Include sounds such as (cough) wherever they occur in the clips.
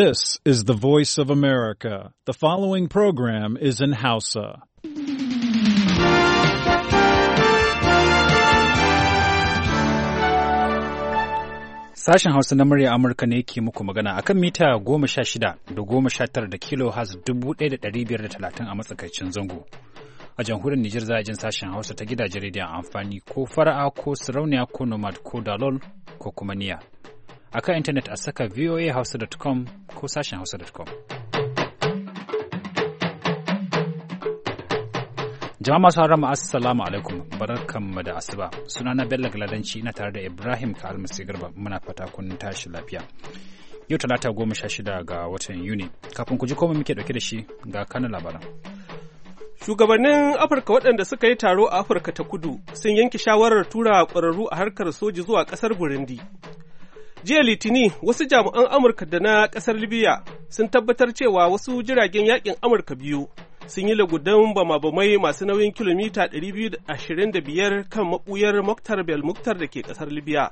This is the voice of America. The following program is in Hausa. Sashen Hausa na murya Amurka ne ke muku magana akan mita goma sha shida da goma sha tara da kilo has dubu ɗaya da ɗari biyar da talatin a matsakaicin zango. A jamhuriyar Nijar za a jin sashen Hausa ta gidajen rediyon amfani ko fara'a ko sarauniya ko nomad ko dalol ko kuma niya. a kan intanet a saka voahausa.com ko sashen hausa.com. Jama'a masu harama assalamu alaikum barkanmu da asuba sunana Bello Galadanci ina tare da Ibrahim ka almasi garba muna fata kun tashi lafiya. Yau talata goma sha shida ga watan Yuni kafin ku ji koma muke dauke da shi ga kanan labaran. Shugabannin Afirka waɗanda suka yi taro a Afirka ta kudu sun yanke shawarar tura ƙwararru a harkar soji zuwa ƙasar Burundi Jiya Litini wasu jami'an Amurka da na ƙasar Libya sun tabbatar cewa wasu jiragen yakin Amurka biyu sun yi lagudan bama-bamai masu nauyin kilomita 225 kan maɓuyar Moktar Belmuktar da ke ƙasar Libya.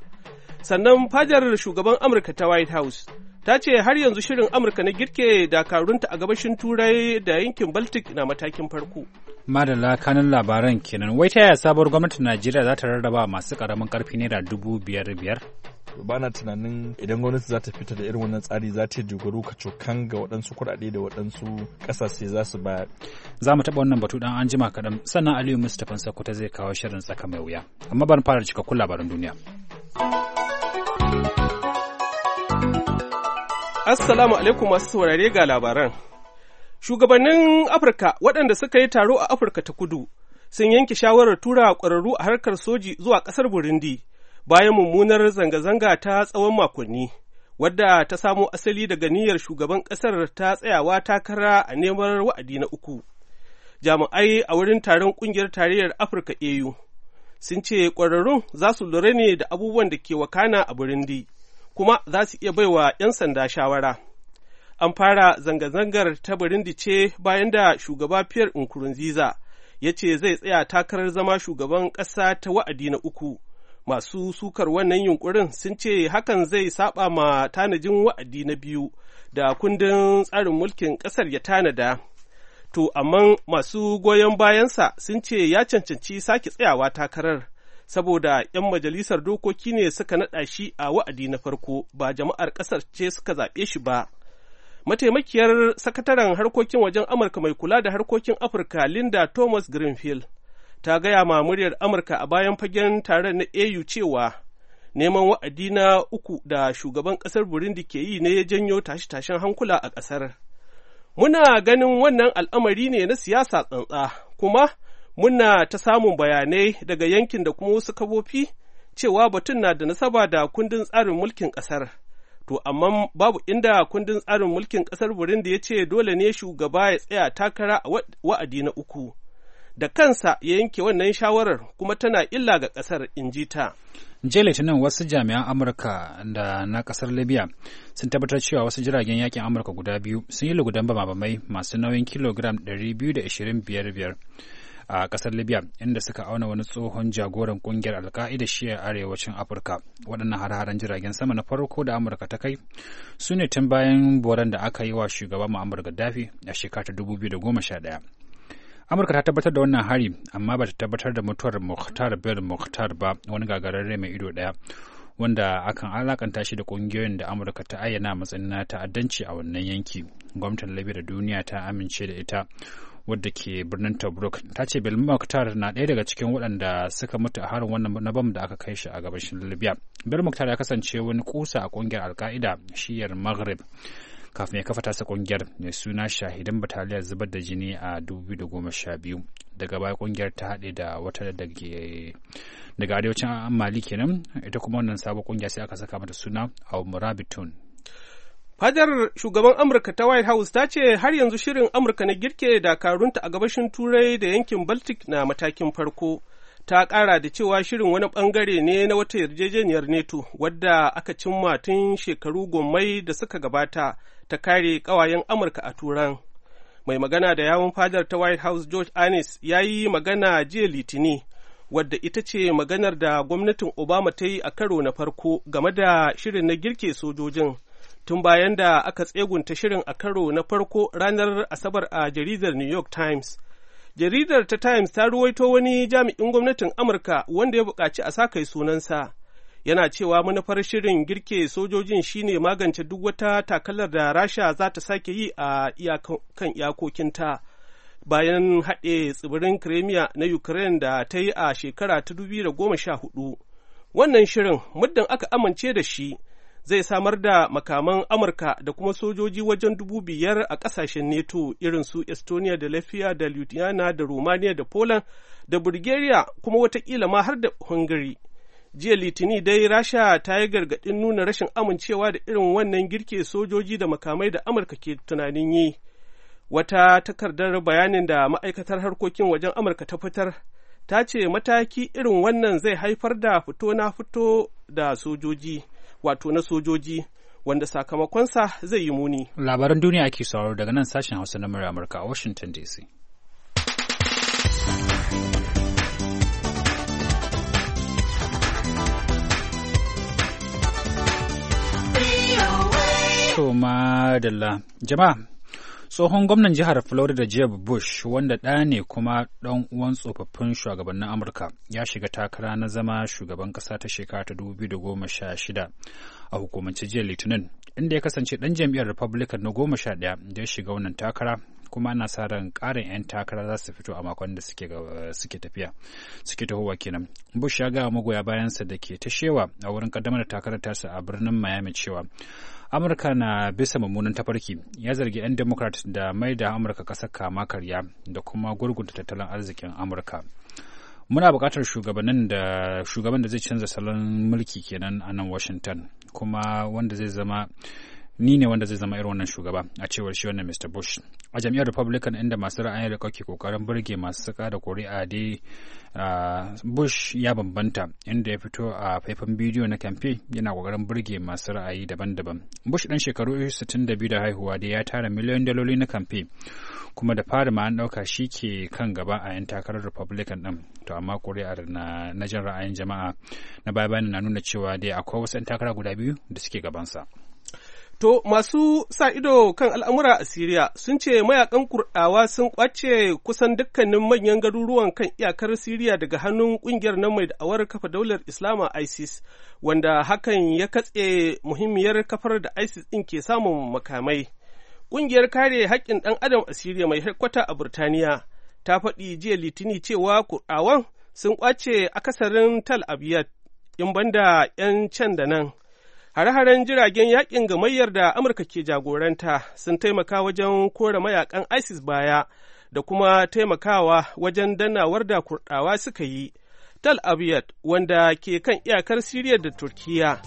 Sannan fajar shugaban Amurka ta White House ta ce har yanzu shirin Amurka na girke dakarunta a gabashin Turai da yankin Baltic na matakin farko. madalla kanin labaran kenan wai ta yaya sabuwar gwamnatin najeriya za ta rarraba masu ƙaramin ƙarfi naira dubu biyar biyar ba na tunanin idan gwamnati za ta fita da irin wannan tsari za ta dogaro ka cokan ga waɗansu kuɗaɗe da waɗansu ƙasashe za su bayar. Za mu taɓa wannan batu dan an jima kaɗan sannan Aliyu Mustapha Sakuta zai kawo shirin tsaka mai wuya. Amma bana fara cikakkun labaran duniya. Assalamu alaikum masu saurare ga labaran. Shugabannin Afirka waɗanda suka yi taro a Afirka ta kudu sun yanke shawarar tura ƙwararru a harkar soji zuwa ƙasar Burundi bayan mummunar zanga-zanga ta tsawon makonni wadda ta samo asali daga niyyar shugaban ƙasar ta tsayawa takara a neman wa'adi na uku jami'ai a wurin taron ƙungiyar tarayyar afirka au sun ce ƙwararrun za su lura ne da abubuwan da ke wakana a burundi kuma za su iya baiwa 'yan sanda shawara an fara zanga-zangar ta burundi ce bayan da shugaba pierre nkurunziza ya ce zai tsaya takarar zama shugaban ƙasa ta wa'adi na uku masu sukar wannan yunkurin sun ce hakan zai saba ma tanajin wa'adi na biyu da kundin tsarin mulkin ƙasar ya tanada to amma masu goyon bayansa sun ce ya cancanci sake tsayawa takarar saboda 'yan majalisar dokoki ne suka naɗa shi a wa'adi na farko ba jama'ar ƙasar ce suka zaɓe shi ba mataimakiyar sakataren harkokin wajen amurka mai kula da harkokin afirka linda thomas greenfield ta gaya ma muryar Amurka a bayan fagen taron na AU cewa neman wa'adi na uku da shugaban ƙasar Burundi ke yi ne ya janyo tashe-tashen hankula a ƙasar. Muna ganin wannan al'amari ne na siyasa tsantsa, kuma muna ta samun bayanai daga yankin da kuma wasu kabofi cewa batun na da nasaba da kundin tsarin mulkin ƙasar. To, amma babu inda kundin tsarin mulkin ƙasar Burundi ya ce dole ne shugaba ya tsaya takara a wa'adi na uku. da kansa ya yanke wannan shawarar kuma tana illa ga ƙasar inji ji ta. jiya litinin wasu jami'an amurka da na kasar libya sun tabbatar cewa wasu jiragen yakin amurka guda biyu sun yi lugudan mai masu nauyin kilogram 225 a kasar libya inda suka auna wani tsohon jagoran kungiyar alka'ida shi a arewacin afirka waɗannan har-haren jiragen sama na farko da amurka ta kai su ne tun bayan boran da aka yi wa shugaban mu'ammar dafi a shekara ta 2011 amurka ta tabbatar da wannan hari amma ba ta tabbatar da mutuwar mukhtar bel muhtar ba wani gagararre mai ido daya wanda akan alakanta shi da kungiyoyin da amurka ta ayyana matsayin na ta'addanci a wannan yanki gwamnatin libya da duniya ta amince da ita wadda ke birnin tobruk ta ce bel muktar na ɗaya daga cikin waɗanda suka mutu a harin wannan na bam da aka kai shi a gabashin libya bel muktar ya kasance wani kusa a ƙungiyar alka'ida shiyar maghrib kafin ya kafa tasa kungiyar mai suna shahidan bataliyar zubar da jini a 2012 daga baya kungiyar ta haɗe da wata daga arewacin mali kenan ita kuma wannan sabon kungiya sai aka saka mata suna a murabitun Fadar shugaban Amurka ta White House ta ce har yanzu shirin Amurka na girke dakarunta a gabashin Turai da yankin Baltic na matakin farko. Ta kara da cewa shirin wani bangare ne na wata yarjejeniyar neto wadda aka cimma tun shekaru gommai da suka gabata ta kare ƙawayen Amurka a Turan. Mai magana da yawon fadar ta White House George Anis ya yi magana jiya Litini, wadda ita ce maganar da gwamnatin Obama ta yi a karo na farko game da shirin na girke sojojin. Tun bayan da aka tsegunta shirin a karo na farko ranar Asabar a jaridar New York Times. Jaridar ta Times ta ruwaito wani jami'in gwamnatin Amurka wanda ya buƙaci a sa kai sunansa. yana cewa manufar shirin girke sojojin shine magance duk wata takalar da rasha za ta sake yi a kan iyakokinta bayan haɗe tsibirin crimea na ukraine da ta yi a shekara ta 2014 wannan shirin muddin aka amince da shi zai samar da makaman amurka da kuma sojoji wajen dubu biyar a kasashen neto irin su estonia da lafiya da lithuania da romania da poland da bulgaria kuma watakila ma har da hungary jiya litini dai rasha ta yi gargaɗin nuna rashin amincewa da irin wannan girke sojoji da makamai da amurka ke tunanin yi wata takardar bayanin da ma'aikatar harkokin wajen amurka ta fitar ta ce mataki irin wannan zai haifar da fito na fito da sojoji wato na sojoji wanda sakamakonsa zai yi muni labaran duniya ake sauraro daga nan sashen hausa na murya amurka a washington dc To madalla. Jama'a, tsohon gwamnan jihar Florida Jeb Bush wanda ɗa ne kuma ɗan uwan tsofaffin shugabannin Amurka ya shiga takara na zama shugaban ƙasa ta shekara ta 2016 a hukumance jiya Litinin inda ya kasance ɗan jam'iyyar Republican na goma sha ɗaya da ya shiga wannan takara kuma ana sa ran ƙarin 'yan takara za su fito a makon da suke suke tafiya suke tahowa kenan bush ya ga magoya bayansa da ke ta shewa a wurin kaddamar da takarar tasa a birnin miami cewa amurka na bisa mummunan tafarki ya zargi 'yan democrat da mai da amurka kasar kama karya da kuma gurgunta tattalin arzikin amurka muna bukatar shugabannin da shugaban da zai canza salon mulki kenan a nan washington kuma wanda zai zama ni ne wanda zai zama irin wannan shugaba a cewar shi wannan Mr. Bush. A jam'iyyar Republican inda masu ra'ayin da ke kokarin burge masu saka da kuri'a dai Bush ya bambanta inda ya fito a faifan bidiyo na kamfe yana kokarin burge masu ra'ayi daban-daban. Bush dan shekaru 62 da haihuwa dai ya tara miliyan daloli na kamfe kuma da fara ma an dauka shi ke kan gaba a 'yan takarar Republican din To amma kuri'ar na, na ra'ayin jama'a na baya na nuna cewa dai akwai wasu 'yan takara guda biyu da suke gabansa. To, masu sa ido kan al'amura a Siriya sun ce mayakan kurɗawa sun ƙwace kusan dukkanin manyan garuruwan kan iyakar Siriya daga hannun ƙungiyar nan mai da'awar kafa daular Islama ISIS, wanda hakan ya katse muhimmiyar kafar da ISIS ɗin ke samun makamai. Ƙungiyar kare haƙƙin ɗan adam a Siriya mai harkwata a Burtaniya ta faɗi jiya Litini cewa kurɗawan sun ƙwace akasarin Tal Abyad, in banda 'yan can da nan. Hare-haren jiragen yakin gamayyar da Amurka ke jagoranta sun taimaka wajen kore mayakan ISIS baya da kuma taimakawa wajen danawar da kurɗawa suka yi. Tal Abyad wanda ke kan iyakar Siriya da Turkiya.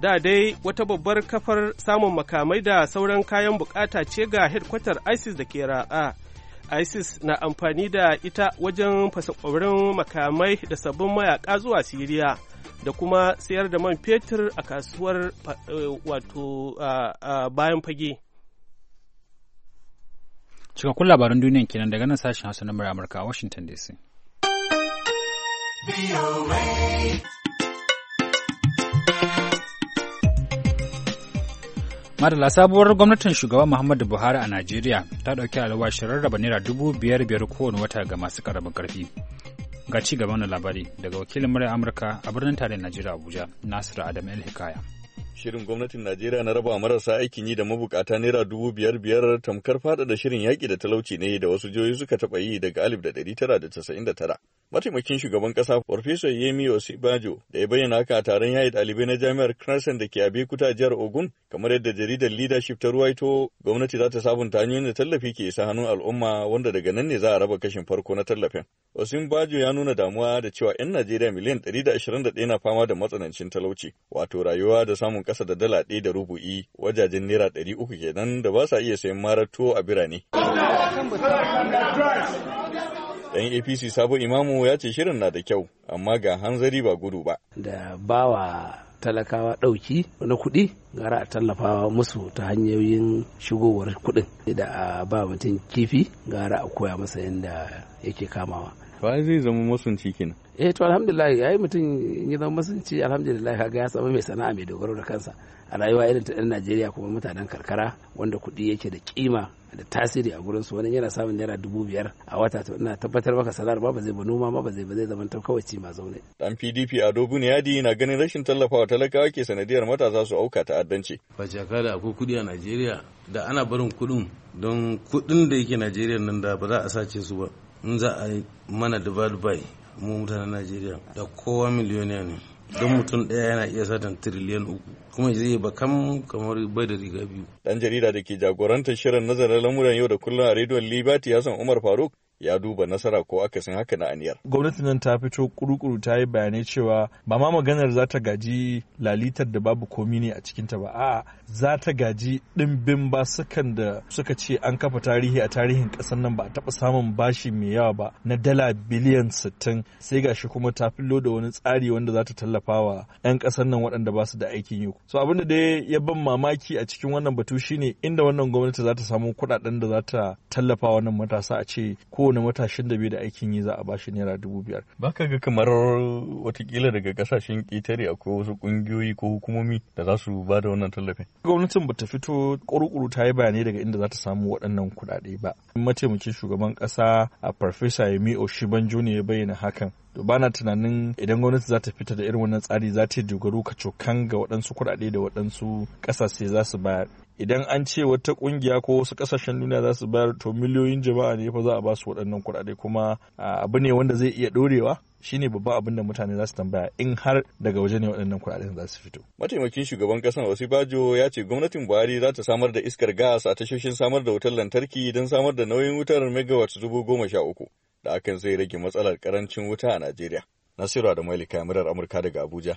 Da dai wata babbar kafar samun makamai da sauran kayan bukata ce ga hedkwatar ISIS da ke ra'a. ISIS na amfani da ita wajen fasa makamai da sabbin mayaka zuwa Siriya. da kuma sayar da man fetur a kasuwar eh, wato bayan fage. Cikakkun labaran duniyan kenan daga nan sashen Hausa na Amurka a Washington DC. Madala sabuwar gwamnatin shugaban Muhammadu Buhari a Najeriya ta ɗauki alwashin rarraba naira dubu biyar biyar kowane wata ga masu ƙaramin karfi. Ga ci gaban na labari daga wakilin murya Amurka a birnin tarayyar Najeriya Abuja, Nasiru Adam El Hikaya. Shirin gwamnatin Najeriya na raba marasa aikin yi da mabukata naira dubu biyar biyar tamkar faɗaɗa shirin yaƙi da talauci ne da wasu jihohi suka taɓa yi daga alif da ɗari tara da tasa'in da tara. Mataimakin shugaban kasa Farfesa Yemi Osibajo da ya bayyana haka a taron yayi ɗalibai na jami'ar Crescent da ke Abeokuta jihar Ogun kamar yadda jaridar Leadership ta ruwaito gwamnati za ta sabunta hanyoyin da tallafi ke isa hannun al'umma wanda daga nan ne za a raba kashin farko na tallafin. Osibajo ya nuna damuwa da cewa 'yan Najeriya miliyan 121 na fama da matsanancin talauci wato rayuwa da samun kasa da dala ɗaya da rubu'i wajajen naira 300 kenan da ba sa iya sayan marar tuwo a birane. Ɗan APC Sabo Imamu ya ce shirin na da kyau, amma ga hanzari ba gudu ba. Da bawa talakawa ɗauki na kuɗi gara a tallafa musu ta hanyoyin shigowar kuɗin da a ba mutum kifi gara a koya masa yadda yake kamawa to ai zai zama masunci kenan eh to alhamdulillah yayi mutum ya zama masunci alhamdulillah kaga ya samu mai sana'a mai dogaro da kansa a rayuwa irin ta ɗan Najeriya kuma mutanen karkara wanda kuɗi yake da kima da tasiri a gurin su wani yana samun naira dubu biyar a wata to ina tabbatar maka sanar ba ba zai ba noma ba zai ba zai zama kawai ci ma zaune. Dan PDP a Dogon Yadi na ganin rashin tallafawa talakawa ke sanadiyar matasa su auka ta'addanci. jaka da akwai kuɗi a Najeriya da ana barin kuɗin don kuɗin da yake Najeriya nan da ba za a sace su ba in za a yi mana divide by mu mutanen najeriya da kowa miliyoniya ne don mutum ɗaya yana iya satan tiriliyan uku kuma zai bakam kamar bai da riga biyu. Ɗan jarida da ke jagorantar shirin nazarin lamuran yau da kullum a rediyon Liberty Hassan Umar Faruk ya duba nasara ko akasin haka na aniyar. Gwamnatin nan ta fito kurukuru ta yi bayanai cewa ba ma maganar za ta gaji lalitar da babu komi ne a cikin ta ba a'a za ta gaji ɗimbin sukan da suka ce an kafa tarihi a tarihin ƙasar nan ba a taɓa samun bashi mai yawa ba na dala biliyan sittin sai gashi kuma ta fillo da wani tsari wanda za ta tallafa wa 'yan ƙasar nan waɗanda ba su da aikin yi. So abin da dai ya ban mamaki a cikin wannan batu shine inda wannan gwamnati za ta samu kuɗaɗen da za ta tallafa wannan matasa a ce ko kowane matashin da da aikin yi za a bashi naira dubu biyar ba ka ga kamar watakila daga kasashen ƙetare akwai wasu ƙungiyoyi ko hukumomi da za su ba da wannan tallafin gwamnatin ba ta fito ƙuruƙuru ta yi bayanai daga inda za ta samu waɗannan kuɗaɗe ba mataimakin shugaban ƙasa a farfesa yemi oshibanjo ne ya bayyana hakan to bana tunanin idan gwamnati za ta fita da irin wannan tsari za ta dogaro ka cokan ga waɗansu kuɗaɗe da waɗansu ƙasashe za su bayar idan an ce wata kungiya ko wasu kasashen duniya za su bayar to miliyoyin jama'a ne fa za a ba su waɗannan kuɗaɗe kuma abu ne wanda zai iya ɗorewa shine babban abin da mutane za su tambaya in har daga waje ne waɗannan kuɗaɗen za su fito. Mataimakin shugaban ƙasar Osibajo ya ce gwamnatin Buhari za ta samar da iskar gas a tashoshin samar da wutar lantarki don samar da nauyin wutar megawatt dubu goma sha uku da hakan zai rage matsalar karancin wuta a Najeriya. Nasiru da Malika Murar Amurka daga Abuja,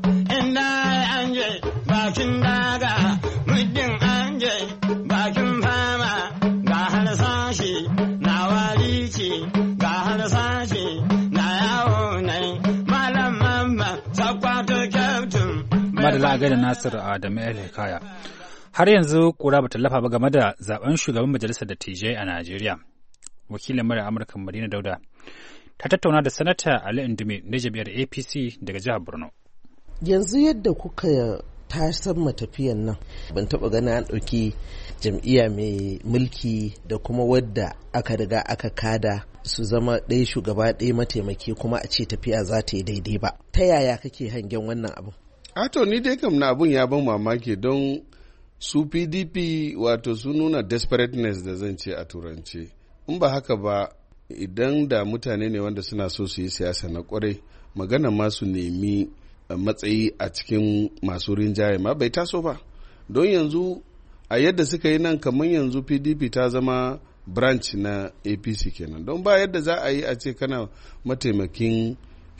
Abdullahi a da Nasir Adamu El Hikaya. Har yanzu kura bata lafa ba game da zaben shugaban majalisar dattijai a Najeriya. Wakilin mara Amurka Madina Dauda ta tattauna da sanata Ali Indume na jami'ar APC daga jihar Borno. Yanzu yadda kuka ta san matafiyan nan ban taɓa gana an ɗauki jam'iyya mai mulki da kuma wadda aka riga aka kada su zama ɗaya shugaba ɗaya mataimaki kuma a ce tafiya za ta yi daidai ba ta yaya kake hangen wannan abin ato ni dai kam na abun ya ban mamaki don su pdp wato su nuna desperateness da zan ce a turance in ba haka ba idan da mutane ne wanda suna so su yi siyasa na kwarai magana ma su nemi eh, matsayi a cikin masu rinjaye ma bai taso ba don yanzu a yadda suka yi nan kamar yanzu pdp ta zama branch na apc kenan don ba yadda za a yi a ce kana mataimakin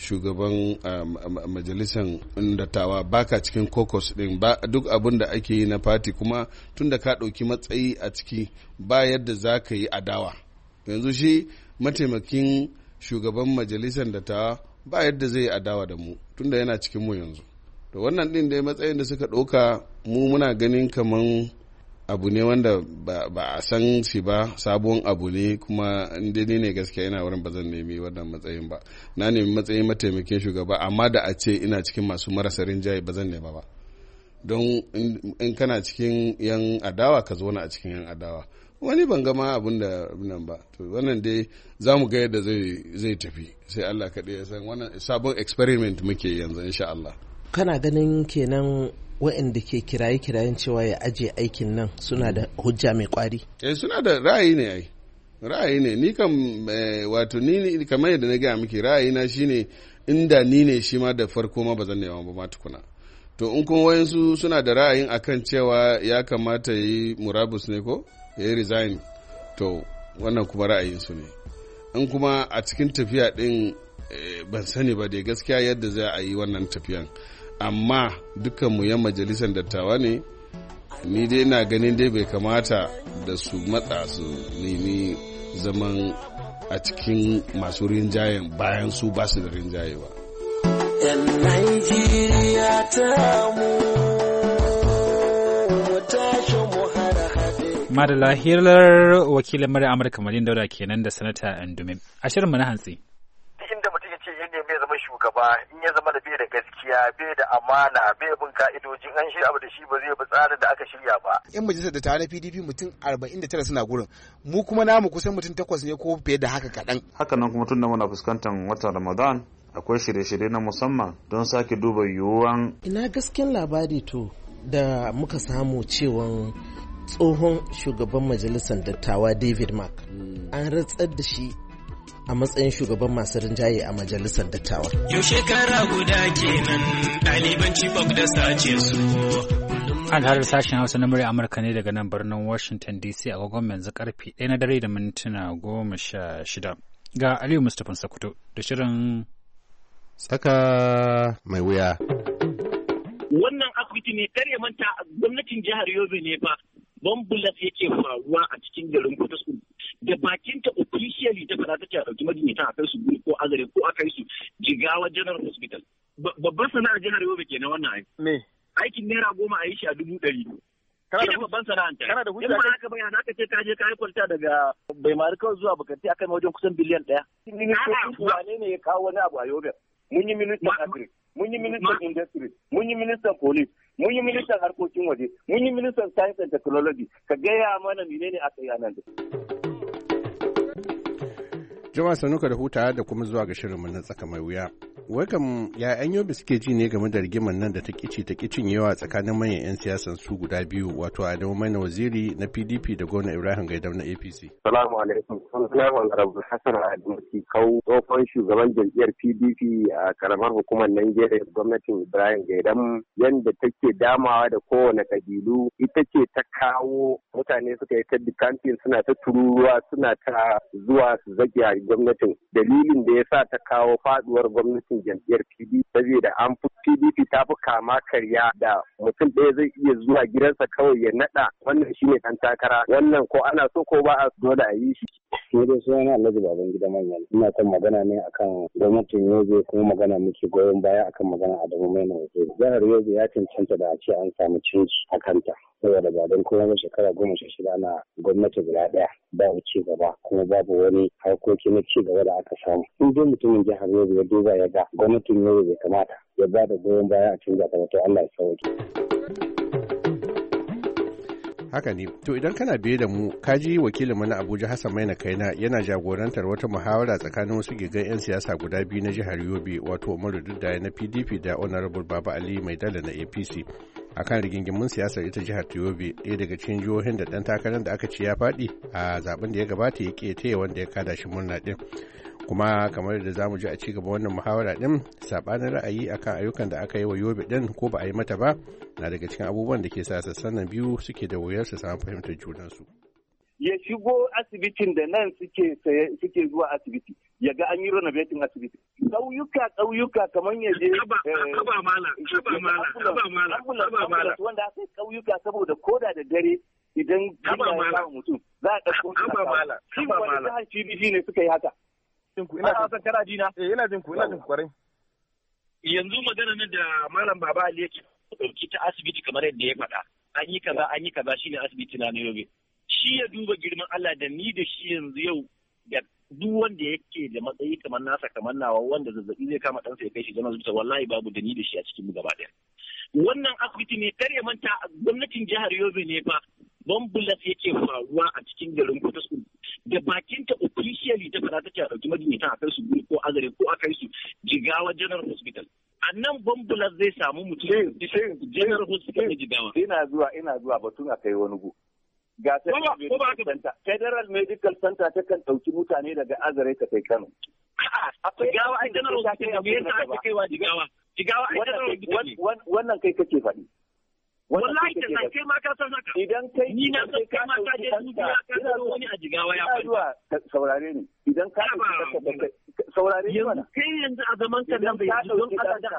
shugaban ah, majalisan dattawa ba ka cikin caucus din ba duk abin da ake yi na fati kuma tun da ka ɗauki matsayi a ciki ba yadda za ka yi adawa yanzu shi mataimakin shugaban majalisar dattawa ba yadda zai yi adawa da mu tun da yana cikin mu yanzu to wannan din dai matsayin da suka ɗauka mu muna ganin kaman abu ne wanda ba a san shi ba sabon abu ne kuma ni ne gaskiya ina wurin ba zan nemi wannan matsayin ba na nemi matsayin mataimakin shugaba amma da a ce ina cikin masu marasa rinjaye ba zan nema ba don in kana cikin yan adawa ka zo a cikin yan adawa wani ban gama abin da nan ba to wannan dai za mu ga yadda zai tafi sai Allah kaɗai ya san wannan sabon experiment muke yanzu insha Allah kana ganin kenan waɗanda ke kiraye-kirayen cewa ya aje aikin nan suna da hujja mai kwari? Eh suna da ra'ayi ne ai. Ra'ayi ne ni kam eh, wato ni kamar yadda na gaya miki ra'ayi na shine inda ni ne shi ma da farko ma ba zan nema ba ma tukuna. To in kuma wayansu suna da ra'ayin akan cewa ya kamata yi murabus ne ko ya yi resign to wannan kuma ra'ayin su ne. In kuma a cikin tafiya din eh, ban sani ba dai gaskiya yadda za a yi wannan tafiyan. amma dukanmu ya majalisar dattawa ne ni dai na ganin dai bai kamata da su matsa su nemi zaman a cikin masu rinjayen bayan su ba su da rinjaye ba. Yan wakilin murya Amurka Malin Dauda kenan da Sanata Andume. A shirinmu na hantsi. gaba in ya zama da bai da gaskiya bai da amana bai bin ka'idojin an shirya abu da shi ba zai bi tsarin da aka shirya ba yan majalisar da tare na PDP mutum 49 suna gurin mu kuma namu kusan mutum takwas ne ko fiye da haka kaɗan haka nan kuma tunda muna fuskantar watan Ramadan akwai shirye-shirye na musamman don sake duba yiwuwan ina gasken labari to da muka samu cewan tsohon shugaban majalisar dattawa david mark an ratsar da shi a matsayin shugaban masu rinjaye a majalisar dattawa. Yau shekara guda kenan ɗaliban Chibok da sace su. harin sashen Hausa na murya Amurka ne daga nan birnin Washington DC a gwagwan yanzu karfe ɗaya na dare da mintuna goma sha shida. Ga Aliyu Mustapha Sakuto da shirin Tsaka mai wuya. Wannan asibiti ne kare manta gwamnatin jihar Yobe ne fa bambulas yake faruwa a cikin garin Potoskum da bakinta officially ta fara take a ɗauki majinyata a kai su guri ko azare ko a kai su jigawa general hospital. Babban sana'ar jihar Yobe kenan wannan aiki. Me? Aikin naira goma a yi shi a dubu ɗari. Kana da babban sana'anta. Kana da hujja. kana da haka ba yana ce ka je ka yi kwalta daga bai mari zuwa bukanti akan wajen kusan biliyan ɗaya. Wane ne ya kawo wani abu a Yobe? Mun yi ministan agri, mun yi ministan industry, mun yi ministan police, mun yi ministan harkokin waje mun yi ministan science and technology ka gaya mana ne aka yi da. nan Jama'a sanuka da hutawa da kuma zuwa ga shirinmu na tsaka mai wuya. Welcome ya an yobe suke ji ne game da rigimar nan da ta kici ta kicin yawa tsakanin manyan 'yan siyasan su guda biyu wato dama na Waziri na PDP da gona Ibrahim Gaidam na APC. Salamu alaikum. Sunana Honorable Hassan Kau tsohon shugaban jam'iyyar PDP a karamar hukumar Najeriya gwamnatin Ibrahim Gaidam yanda take damawa da kowane kabilu ita ce ta kawo mutane suka yi ta dikantin suna ta tururuwa suna ta zuwa su zage gwamnatin dalilin da ya sa ta kawo faduwar gwamnatin jam'iyyar PDP saboda an fi PDP ta fi kama karya da mutum ɗaya zai iya zuwa gidansa kawai ya naɗa wannan shine ɗan takara wannan ko ana so ko ba a dole a yi shi. Ni dai suna Alhaji Baban Gida Manyan. Ina kan magana ne akan gwamnatin Yobe kuma magana muke goyon baya akan magana Adamu Maina Yobe. Jihar Yobe ya cancanta da a ce an samu canji a kanta. Saboda ba don kuma shekara goma sha shida ana gwamnati guda ɗaya babu ci gaba kuma babu wani harkoki na ci gaba da aka samu. In dai mutumin jihar Yobe ya duba ya ga gwamnatin Yobe bai kamata ya ba da goyon baya a canza ta to Allah ya sauke. Haka ne, to idan kana biye da mu, ka ji wakilin mana Abuja Hassan Maina Kaina yana jagorantar wata muhawara tsakanin wasu gigan 'yan siyasa guda biyu na jihar Yobe, wato Umaru Duddaye na PDP da Honorable Baba Ali Mai Dala na APC. akan rigingimun siyasar ita jihar Yobe ɗaya daga cikin jihohin da ɗan takarar da aka ce ya faɗi a zaben da ya gabata ya ƙetaya wanda ya kada shi murna ɗin. kuma kamar da mu ji a ci gaba wannan muhawara din sabanin ra'ayi akan ayyukan da aka yi wa yobe din ko ba a yi mata ba na daga cikin abubuwan da ke sa sassan biyu suke da wuyar su samu fahimtar junansu ya shigo asibitin da nan suke suke zuwa asibiti ya ga an yi betin asibiti ƙauyuka ƙauyuka kamar ya je kaba mala eh, kaba mala kaba mala kaba mala wanda aka ƙauyuka saboda koda da dare idan kaba za a ne suka yi haka yanzu magana nan da malam baba ali yake dauki ta asibiti kamar yadda ya faɗa an yi kaza an yi kaza shine asibiti na Nairobi shi ya duba girman Allah da ni da shi yanzu yau da duk wanda yake da matsayi kamar nasa kamar nawa wanda zazzabi zai kama ɗansa ya kai shi zama zuciya wallahi babu da ni da shi a cikin mu gaba ɗaya wannan asibiti ne kar ya manta gwamnatin jihar Yobe ne fa bambulas yake faruwa a cikin garin Potoskum da bakin ta officially ta fara take a dauki majinyata a kai su guri ko azare ko a kai su jigawa general hospital a nan bambulas zai samu mutum general hospital na jigawa ina zuwa ina zuwa batun a kai wani gu ga federal medical center ta kan dauki mutane daga azare ta kai Kano jigawa ai general hospital me yasa ake kaiwa jigawa jigawa ai general hospital wannan kai kake faɗi wallahi da zan kai ma ka san haka idan kai ni na san kai ma ka je duniya ka ga wani a jigawa ya fara saurare ni idan ka saurare ni mana kai yanzu a zaman ka nan bai don Allah da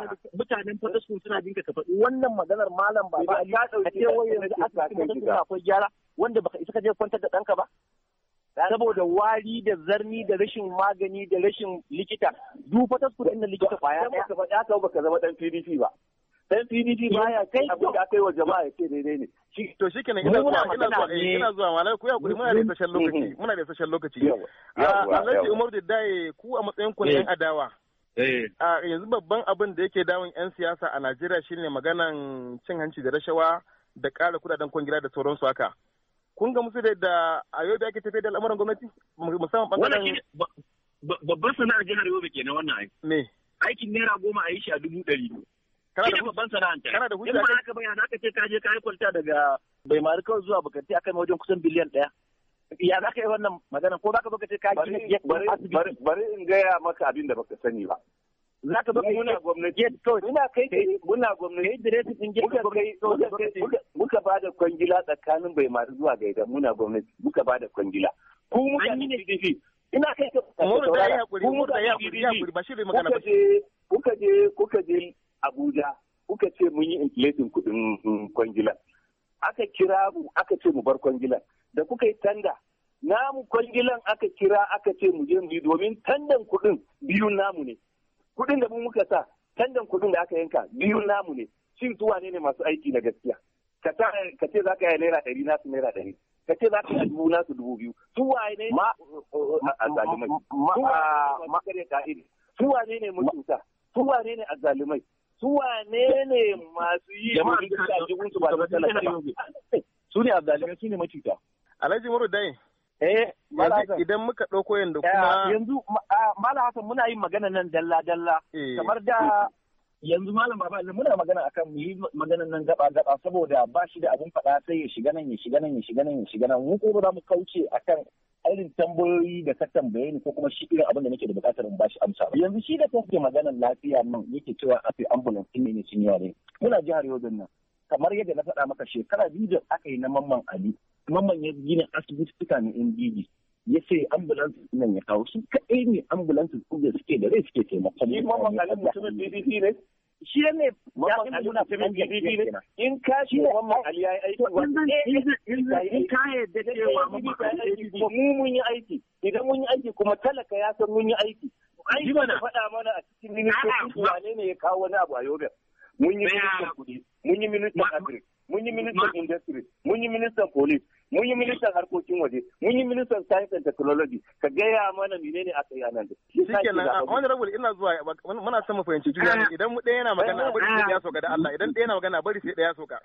mutanen fadasu suna jinka ka faɗi wannan maganar malam baba ya dauke wai yanzu aka kai jigawa akwai gyara wanda baka isa ka je kwantar da danka ba saboda wari da zarni da rashin magani da rashin likita duk fatasku da likita kwaya ɗaya. Idan baka faɗi baka zama ɗan PDP ba. dan PDP eh, baya kai abin da aka yi wa jama'a ya ce daidai ne to shi kenan ina zuwa ina zuwa eh, ina zuwa malai ku ya kuri mm-hmm. mm-hmm. muna da isasshen lokaci muna da isasshen lokaci Alhaji Umar Daddaye ku a matsayin ku ne eh. adawa a ah, yanzu babban abin da yake damun yan siyasa a Najeriya shine maganan cin hanci da rashawa da ƙara kudaden kwangila da sauransu haka kun ga musu da a yau da ake tafiya da al'amuran gwamnati musamman bangaren babbar sana'ar jihar Yobe kenan wannan aiki aikin naira goma a yi shi a dubu ɗari kana da babban sana'anta kana da hujja ba haka bayan ka ce ka je ka yi kwalta daga bai mari kawai zuwa bukanti akan wajen kusan biliyan ɗaya ya za ka yi wannan magana ko za ka baka ce ka gina gate bari in gaya maka abin da baka sani ba za ka baka muna gwamnati gate kawai muna kai muna gwamnati directive muka ba da kwangila tsakanin bai mari zuwa gaida muna gwamnati muka ba da kwangila ku muka ne PDP ina kai ka ku muka ya hakuri ya hakuri ba shi magana ba kuka je kuka je Abuja kuka ce mun yi inflating kudin kwangilan. Aka kira mu aka ce mu bar kwangilan. Da kuka yi tanda namu kwangilan aka kira aka ce mu je mu yi domin tandan kudin biyu namu ne. Kudin da mu muka sa tandan kudin da aka yanka biyu namu ne. Shin su wane ne masu aiki na gaskiya? Ka ce za ka yi naira ɗari nasu naira ɗari. ka ce za ka yi dubu nasu dubu biyu su ne ma a zalimai. wane ne mutunta Tuwa ne ne zalimai. su wane ne masu yi su ba da talaka su ne abdalibai su ne macita alhaji muru dai eh idan muka ɗauko yanzu kuma yanzu malam hasan muna yin magana nan dalla dalla eh. kamar da yanzu malam baba muna magana akan mu yi magana nan gaba gaba saboda ba shi da abin faɗa sai ya shiga nan ya shiga nan ya shiga nan ya shiga nan mu ko za mu kauce akan irin tambayoyi da ka tambaye ni ko kuma shi irin abin da nake da bukatar in bashi amsa ba yanzu shi da kake maganar lafiya nan yake cewa a fi ambulance ne ne sun yare muna jihar Yodon nan kamar yadda na faɗa maka shekara biyu da aka yi na mamman Ali mamman ya gina asibitocika na NDD ya ce ambulance nan ya kawo su kaɗai ne ambulance da suke da rai suke taimako. Shi mamman Ali mutumin DDP ne? shi ne ya fi mun nuna in ka shi ne wannan ali yayi aiki wa in ka yadda cewa mu mun yi aiki idan mun yi aiki kuma talaka ya san mun yi aiki aiki ya faɗa mana a cikin ministoci wane ne ya kawo wani abu a yobin mun yi ministan kuɗi mun yi ministan agri mun yi ministan industry mun yi ministan police mun yi ministan harkokin waje mun yi ministan science and technology ka gaya mana menene aka yi anan da shi kenan honorable ina zuwa muna son mu fahimci juna idan mu ɗaya yana magana bari sai ya soka da Allah idan ɗaya yana magana bari sai ɗaya soka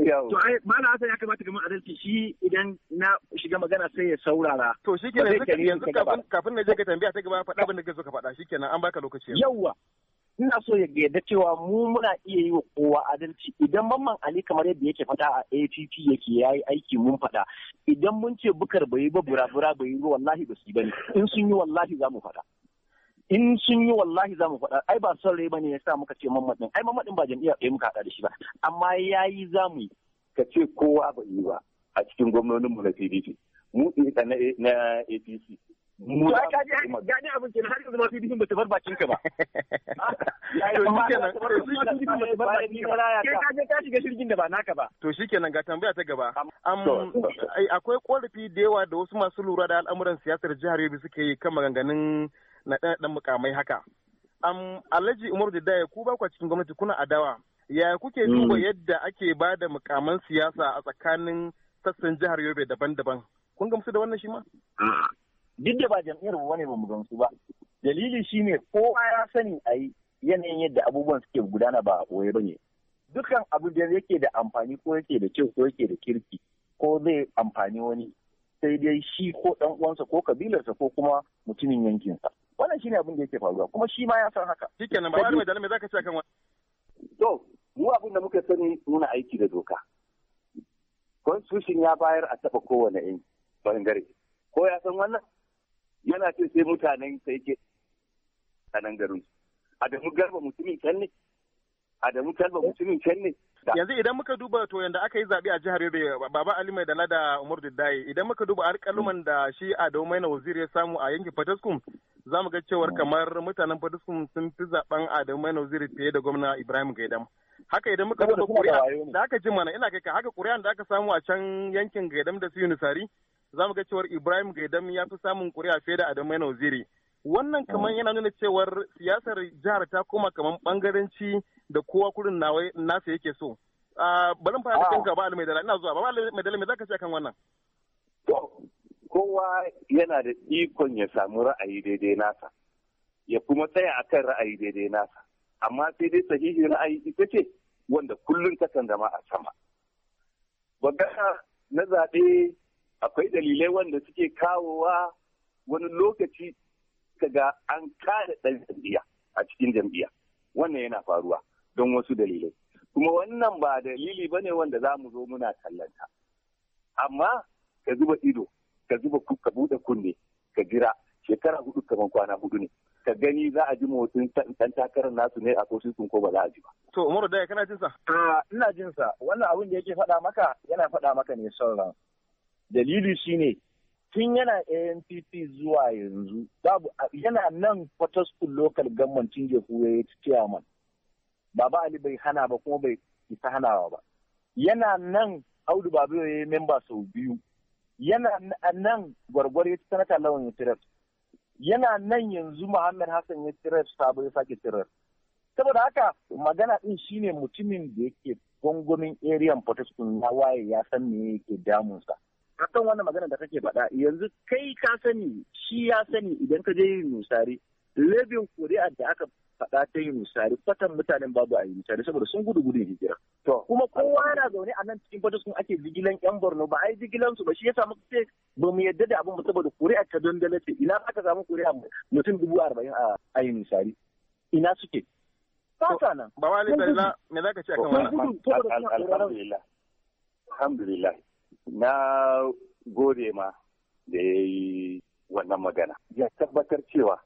To ai mala Hassan ya kamata ga adalci shi idan na shiga magana sai ya saurara. To shikenan yanzu kafin na je ka tambaya ta gaba faɗa abin da ka so ka faɗa shikenan an baka lokaci. Yawwa ina so ya yarda cewa mu muna iya yi wa kowa adalci idan mamman ali kamar yadda yake fata a APP yake yayi aiki mun fada idan mun ce bukar bai ba burabura bai ba wallahi ba su bane in sun yi wallahi za mu fada in sun yi wallahi za mu faɗa ai ba son rai bane ya sa muka ce mamman din ai mamman din ba jam'iyyar ɗaya muka haɗa da shi ba amma yayi za mu yi ka ce kowa ba yi ba a cikin gwamnonin mu na PDP mu na APC mu da ka ji abin har yanzu ma PDP ba ta bar ka ba (laughs) to shikenan ga tambaya ta gaba akwai korafi da yawa da wasu masu lura da al'amuran siyasar jihar Yobe suke yi kan maganganun na ɗan mukamai haka am alhaji umaru da daya ku ba cikin gwamnati kuna adawa yaya kuke hmm. duba yadda ake ba da mukaman siyasa a tsakanin sassan jihar Yobe daban-daban kun gamsu da wannan shi ma duk da ba jam'iyyar ba ne ba mu gamsu ba dalili shine kowa ya sani a yi yanayin yadda abubuwan suke gudana ba a ba ne dukkan abu da yake da amfani ko yake da kyau ko yake da kirki ko zai amfani wani sai dai shi ko ɗan uwansa ko kabilarsa ko kuma mutumin yankinsa wannan shine abin da yake faruwa kuma shi ma ya san haka shikenan ba mai dalilai zaka ce akan wannan to mu abin da muka sani muna aiki da doka constitution ya bayar a taɓa kowane in bangare ko ya san wannan yana ce sai mutanen sai ke a nan garin su Adamu Garba mutumin can ne? Adamu Garba eh? mutumin can ne? Yanzu idan muka duba to yanda aka yi zaɓe a jihar Yobe Baba Ali Mai Dala da Umar Diddaye idan muka duba alƙaluman da shi Adamu Maina Waziri ya samu a yankin Fataskum za mu ga cewar hmm. kamar mutanen Fataskum sun fi zaɓen Adamu Maina Waziri fiye da gwamna Ibrahim Gaidam. Haka idan muka duba ƙuri'a da aka ji mana ina kai ka haka ƙuri'a da aka samu a can yankin Gaidam da su Yunusari za mu ga cewar Ibrahim Gaidam ya fi samun ƙuri'a fiye da Adamu Maina Waziri. wannan kamar mm. yana nuna cewar siyasar jihar ta koma kamar bangaranci da kowa kurin nasa yake so bari mu fara kanka ba mai dala ina zuwa ba mai dala me zaka ce kan wannan kowa yana da ikon ya samu ra'ayi daidai nasa ya kuma tsaya akan ra'ayi daidai nasa amma sai dai sahihi ra'ayi ita ce wanda kullum takan zama a sama bagana na zaɓe akwai dalilai wanda suke kawowa wani lokaci ka ga an kare ɗan jam'iyya a cikin jam'iyya wannan yana faruwa don wasu dalilai kuma wannan ba dalili ba ne wanda za mu zo muna kallanta amma ka zuba ido ka zuba ka buɗe kunne ka jira shekara hudu kamar kwana hudu ne ka gani za a ji motsin ɗan takarar nasu ne a kotun ko ba za a ji ba. To Umaru Daya kana jinsa. ina jinsa. Wannan abin da yake faɗa maka yana faɗa maka ne son ran. Dalili shine tun yana ANPP zuwa yanzu babu yana nan school Local Government Tingefu ya yi chairman. Baba Ali bai hana ba kuma bai isa hanawa ba. Yana nan Audu Babu ya yi memba sau biyu. Yana nan gwargwar ya ci sanata lawan ya tirar. Yana nan yanzu Muhammad Hassan ya tirar sabo ya sake tirar. Saboda haka magana din shine mutumin da yake gwangwamin area school ya waye ya san me yake damunsa. akan wannan magana da kake faɗa yanzu kai ka sani shi ya sani idan ka je yin musari lebin kuri'a da aka faɗa ta yin musari fatan mutanen babu a yi musari saboda sun gudu gudun hijira. To kuma kowa yana zaune a nan cikin sun ake jigilan yan Borno ba a yi jigilan su ba shi ya samu ce ba mu yadda da abin ba saboda kuri'a ta dandala ce ina aka samu kuri'a mutum dubu arba'in a yi musari ina suke. Fata nan. Ba wani da me za ka ce kan wannan? Alhamdulillah. Alhamdulillah. na gode ma da ya yi wannan magana ya tabbatar cewa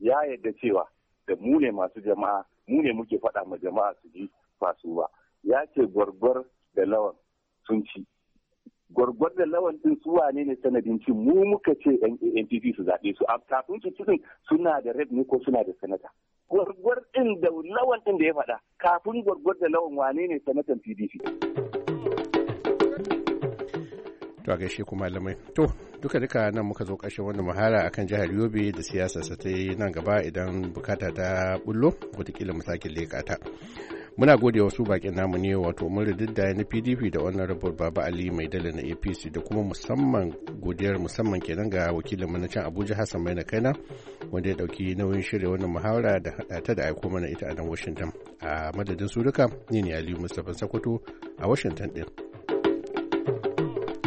ya yadda cewa da mu ne masu jama'a mu ne muke faɗa ma jama'a su ji ba su ba ya ce gwargwar da lawan sun ci gwargwar da lawan din su wane ne sanadin ci mu muka ce NPP su zaɓe su a kafin su cikin suna da red ne ko suna da sanata gwargwar din da lawan din da ya faɗa kafin gwargwar da lawan wane ne sanatan PDP to a gaishe kuma malamai to duka duka nan muka zo ƙarshen wannan muhara akan jihar yobe da siyasa sa ta nan gaba idan bukata ta bullo wataƙila mu sake muna gode wasu bakin namu ne wato mun da na pdp da wannan rabar baba ali mai dala na apc da kuma musamman godiyar musamman kenan ga wakilin mu na can abuja hassan mai na kaina wanda ya dauki nauyin shirya wannan muhawara da hada ta da aiko mana ita a nan washington a madadin su duka ni ne aliyu mustapha sokoto a washington din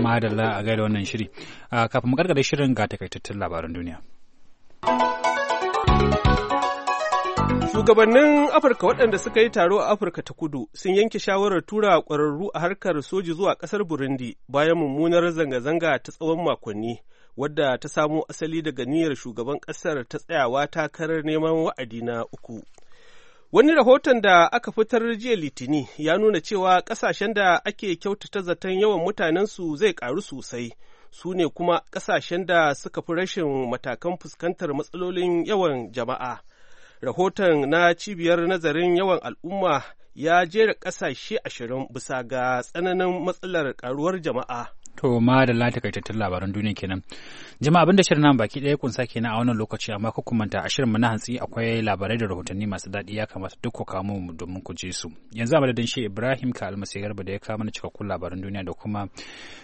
Madalla a gaida wannan shiri. Ah, kafin mu shirin ga takaitattun labaran duniya. Shugabannin Afirka waɗanda suka yi taro a Afirka ta kudu sun yanke shawarar tura ƙwararru a harkar soji zuwa ƙasar Burundi bayan mummunar zanga-zanga ta tsawon makonni, wadda ta samo asali daga niyyar shugaban ƙasar ta tsayawa takarar neman wa'adi na uku. Wani rahoton da aka fitar jiya Litini ya nuna cewa ƙasashen da ake kyautata zaton yawan mutanensu zai ƙaru sosai, su ne kuma ƙasashen da suka fi rashin matakan fuskantar matsalolin yawan jama'a. Rahoton na cibiyar nazarin yawan al'umma ya jera ƙasashe ashirin bisa ga tsananin matsalar ƙaruwar jama'a. To ma da latakaitattun labaran duniya kenan. Jama'a abinda shirin nan baki ɗaya kunsa kenan a wannan lokaci amma ku kumanta a shirin mu na hantsi akwai labarai da rahotanni masu daɗi ya kamata duk ku kawo mu domin ku je su. Yanzu a madadin shi Ibrahim ka almasi garba da ya kawo mana cikakkun labaran duniya da kuma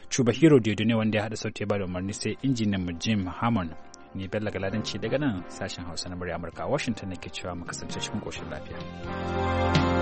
Cuba Hero ne wanda ya haɗa sauti ba da umarni sai injiniyan mu Jim Hammond. Ni Bello Galadanci daga nan sashen Hausa na murya Amurka a Washington ne ke cewa mu kasance cikin koshin lafiya.